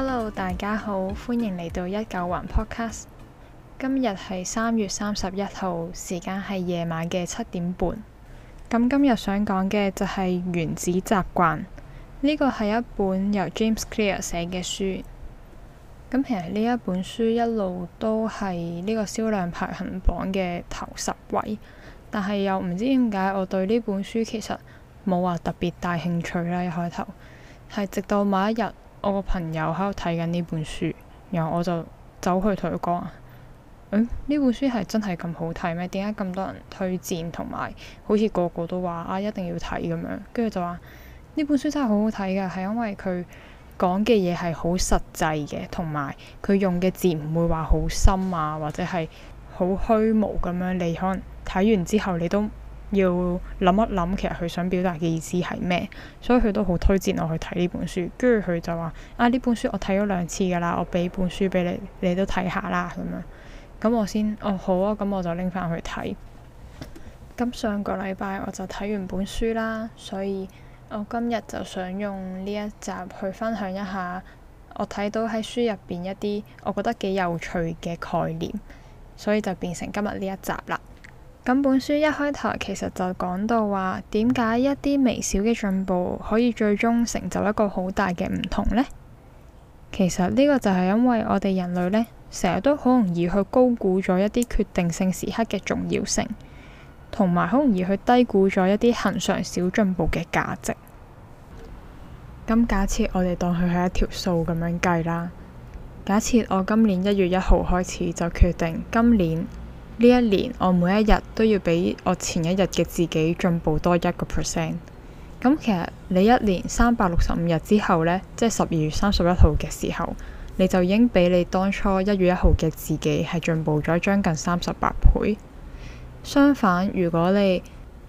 Hello，大家好，歡迎嚟到一九雲 Podcast。今日係三月三十一號，時間係夜晚嘅七點半。咁今日想講嘅就係、是、原子習慣。呢個係一本由 James Clear 寫嘅書。咁其實呢一本書一路都係呢個銷量排行榜嘅頭十位，但係又唔知點解我對呢本書其實冇話特別大興趣啦。一開頭係，直到某一日。我個朋友喺度睇緊呢本書，然後我就走去同佢講，誒、哎，呢本書係真係咁好睇咩？點解咁多人推薦同埋，好似個個都話啊一定要睇咁樣？跟住就話呢本書真係好好睇噶，係因為佢講嘅嘢係好實際嘅，同埋佢用嘅字唔會話好深啊，或者係好虛無咁樣。你可能睇完之後，你都。要諗一諗其實佢想表達嘅意思係咩？所以佢都好推薦我去睇呢本書，跟住佢就話啊，呢本書我睇咗兩次㗎啦，我俾本書俾你，你都睇下啦咁樣，咁我先，哦好啊，咁我就拎翻去睇。咁上個禮拜我就睇完本書啦，所以我今日就想用呢一集去分享一下我睇到喺書入邊一啲我覺得幾有趣嘅概念，所以就變成今日呢一集啦。咁本書一開頭其實就講到話，點解一啲微小嘅進步可以最終成就一個好大嘅唔同呢？其實呢個就係因為我哋人類呢，成日都好容易去高估咗一啲決定性時刻嘅重要性，同埋好容易去低估咗一啲恒常小進步嘅價值。咁假設我哋當佢係一條數咁樣計啦，假設我今年一月一號開始就決定今年。呢一年我每一日都要比我前一日嘅自己進步多一個 percent。咁其實你一年三百六十五日之後咧，即係十二月三十一號嘅時候，你就已經比你當初一月一號嘅自己係進步咗將近三十八倍。相反，如果你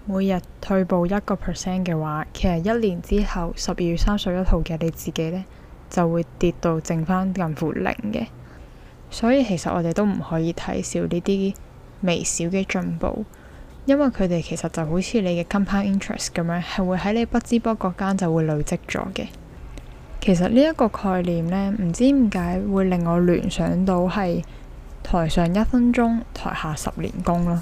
每日退步一個 percent 嘅話，其實一年之後十二月三十一號嘅你自己咧，就會跌到剩翻近乎零嘅。所以其實我哋都唔可以睇少呢啲。微小嘅進步，因為佢哋其實就好似你嘅 compound interest 咁樣，係會喺你不知不覺間就會累積咗嘅。其實呢一個概念呢，唔知點解會令我聯想到係台上一分鐘，台下十年功囉。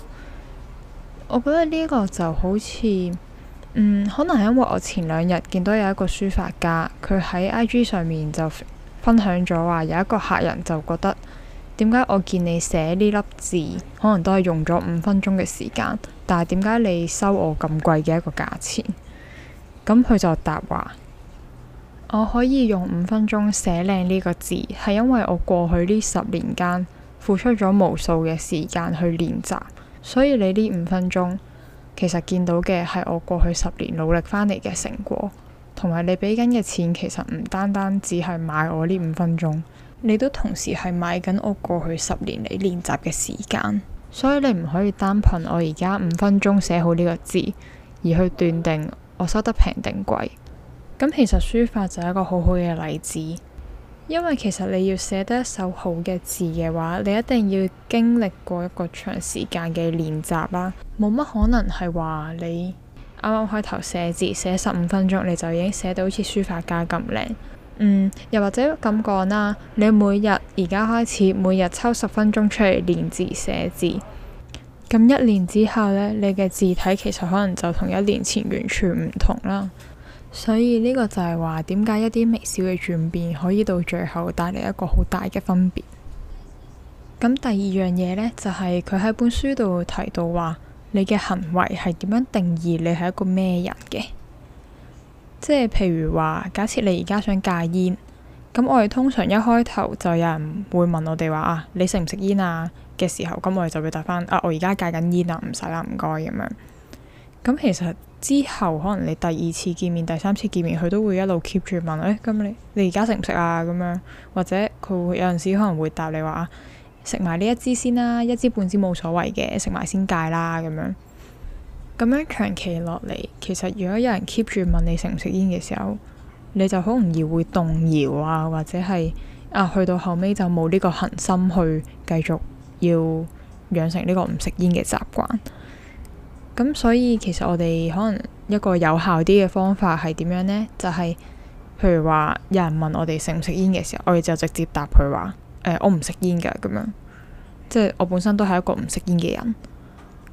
我覺得呢一個就好似，嗯，可能係因為我前兩日見到有一個書法家，佢喺 IG 上面就分享咗話，有一個客人就覺得。點解我見你寫呢粒字，可能都係用咗五分鐘嘅時間，但係點解你收我咁貴嘅一個價錢？咁佢就答話：我可以用五分鐘寫靚呢個字，係因為我過去呢十年間付出咗無數嘅時間去練習，所以你呢五分鐘其實見到嘅係我過去十年努力翻嚟嘅成果，同埋你俾緊嘅錢其實唔單單只係買我呢五分鐘。你都同時係買緊我過去十年嚟練習嘅時間，所以你唔可以單憑我而家五分鐘寫好呢個字，而去斷定我收得平定貴。咁其實書法就係一個好好嘅例子，因為其實你要寫得一手好嘅字嘅話，你一定要經歷過一個長時間嘅練習啦，冇乜可能係話你啱啱開頭寫字寫十五分鐘，你就已經寫到好似書法家咁靚。嗯，又或者咁講啦，你每日而家開始每日抽十分鐘出嚟練字寫字，咁一年之後呢，你嘅字體其實可能就同一年前完全唔同啦。所以呢個就係話點解一啲微小嘅轉變可以到最後帶嚟一個好大嘅分別。咁第二樣嘢呢，就係佢喺本書度提到話，你嘅行為係點樣定義你係一個咩人嘅？即係譬如話，假設你而家想戒煙，咁我哋通常一開頭就有人會問我哋話啊，你食唔食煙啊？嘅時候，咁我哋就會答返啊，我而家戒緊煙啊，唔使啦，唔該咁樣。咁其實之後可能你第二次見面、第三次見面，佢都會一路 keep 住問，誒、欸，咁你你而家食唔食啊？咁樣或者佢會有陣時可能會答你話啊，食埋呢一支先啦，一支半支冇所謂嘅，食埋先戒啦，咁樣。咁樣長期落嚟，其實如果有人 keep 住問你食唔食煙嘅時候，你就好容易會動搖啊，或者係啊，去到後尾就冇呢個恆心去繼續要養成呢個唔食煙嘅習慣。咁所以其實我哋可能一個有效啲嘅方法係點樣呢？就係譬如話有人問我哋食唔食煙嘅時候，我哋就直接答佢話：誒，我唔食煙噶，咁樣，即係我本身都係一個唔食煙嘅人。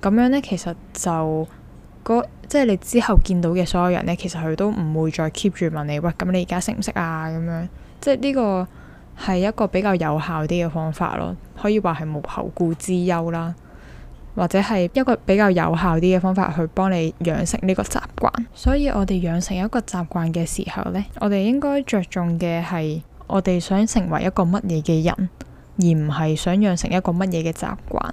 咁樣呢，其實就嗰即係你之後見到嘅所有人呢，其實佢都唔會再 keep 住問你，喂，咁你而家識唔識啊？咁樣，即係呢個係一個比較有效啲嘅方法咯，可以話係無後顧之憂啦，或者係一個比較有效啲嘅方法去幫你養成呢個習慣。所以，我哋養成一個習慣嘅時候呢，我哋應該着重嘅係我哋想成為一個乜嘢嘅人，而唔係想養成一個乜嘢嘅習慣。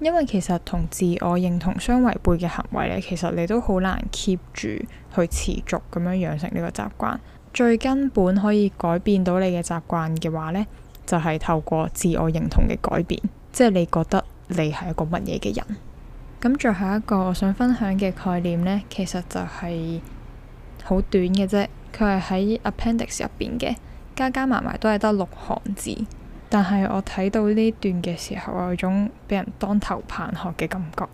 因為其實同自我認同相違背嘅行為呢，其實你都好難 keep 住去持續咁樣養成呢個習慣。最根本可以改變到你嘅習慣嘅話呢，就係透過自我認同嘅改變，即係你覺得你係一個乜嘢嘅人。咁最後一個我想分享嘅概念呢，其實就係好短嘅啫，佢係喺 appendix 入邊嘅，加加埋埋都係得六行字。但係我睇到呢段嘅時候，有種俾人當頭棒喝嘅感覺。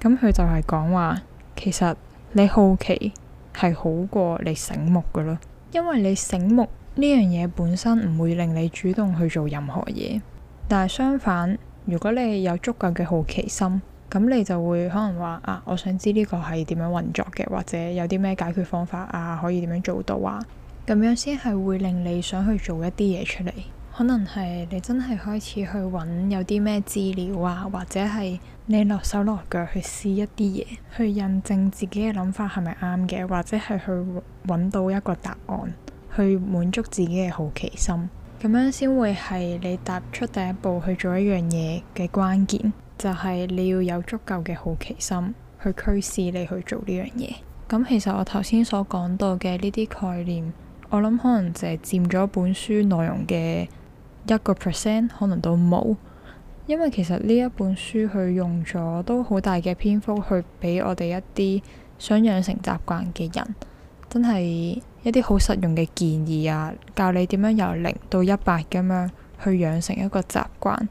咁佢就係講話，其實你好奇係好過你醒目噶咯，因為你醒目呢樣嘢本身唔會令你主動去做任何嘢。但係相反，如果你有足夠嘅好奇心，咁你就會可能話啊，我想知呢個係點樣運作嘅，或者有啲咩解決方法啊，可以點樣做到啊？咁樣先係會令你想去做一啲嘢出嚟。可能係你真係開始去揾有啲咩資料啊，或者係你落手落腳去試一啲嘢，去印證自己嘅諗法係咪啱嘅，或者係去揾到一個答案，去滿足自己嘅好奇心，咁樣先會係你踏出第一步去做一樣嘢嘅關鍵。就係你要有足夠嘅好奇心去驅使你去做呢樣嘢。咁其實我頭先所講到嘅呢啲概念，我諗可能就係佔咗本書內容嘅。一個 percent 可能都冇，因為其實呢一本書佢用咗都好大嘅篇幅去俾我哋一啲想養成習慣嘅人，真係一啲好實用嘅建議啊！教你點樣由零到一百咁樣去養成一個習慣。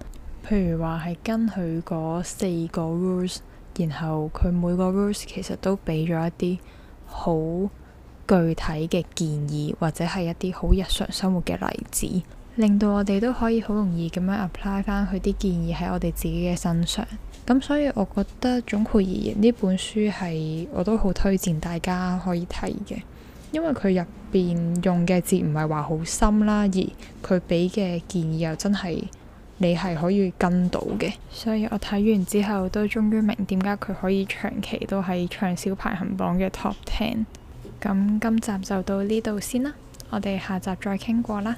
譬如話係跟佢嗰四個 rules，然後佢每個 rules 其實都俾咗一啲好具體嘅建議，或者係一啲好日常生活嘅例子。令到我哋都可以好容易咁樣 apply 翻佢啲建議喺我哋自己嘅身上，咁所以我覺得總括而言呢本書係我都好推薦大家可以睇嘅，因為佢入邊用嘅字唔係話好深啦，而佢俾嘅建議又真係你係可以跟到嘅。所以我睇完之後都終於明點解佢可以長期都喺暢銷排行榜嘅 top ten。咁今集就到呢度先啦，我哋下集再傾過啦。